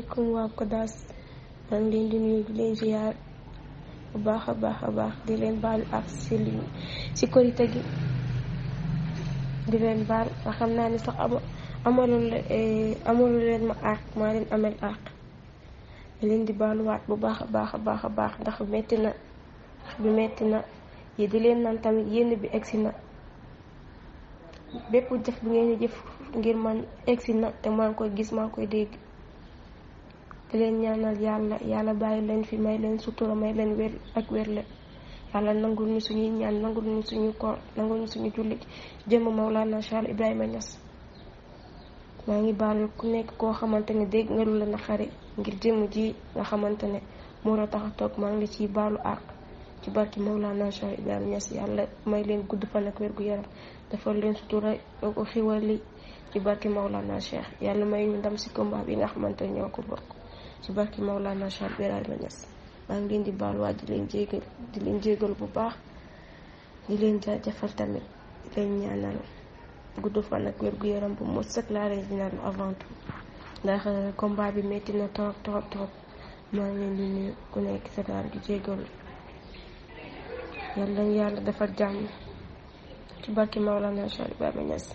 asalaamaaleykum waa Kodas maa ngi leen di nuyu di leen ziar bu baax a baax a baax di leen baalu ak si li si korite gi di leen baal nga xam naa ne sax amalu eh, leen ma àq maa leen amel àq di leen di baaluwaat bu baax baax a baax a baax ndax metti na ndax bi metti na yi di leen naan tamit yenn bi egsi na bépp jëf bi ngeen di jëf ngir man egsi na te maa ngi koy gis maa koy dégg di leen ñaanal yàlla yàlla bàyyi leen fi may leen sutura may leen wér ak wérle yàlla nangul ñu suñuy ñaan nangul ñu suñu koor nangul ñu suñu jullit jëmm Mawlana Cheikh Ibrahima Niass maa ngi baalu ku nekk koo xamante ne dégg nga la naqari ngir jëmm ji nga xamante ne moo la tax toog maa ngi ciy baalu ci barki Mawlana yàlla may leen gudd fan ak wér gu yaram defal leen sutura ko xiwali ci barki Mawlana Cheikh yàlla may ñu ndam si combat bi nga xamante ne ñoo ko bokk. ci barki Mawlana Cheikh Ibrahima Niass maa ngi leen di baaluwaat di leen jégal di leen jégal bu baax di leen jaajëfal tamit leen ñaanal gudd fan ak wér gu yaram bu mot sëkk laa leen di ndax euh, combat bi metti na trop trop trop maa ngi leen di nuyu ku nekk sa gaal di jégalu yàlla defar jàmm ci barki Mawlana Cheikh Ibrahima Niass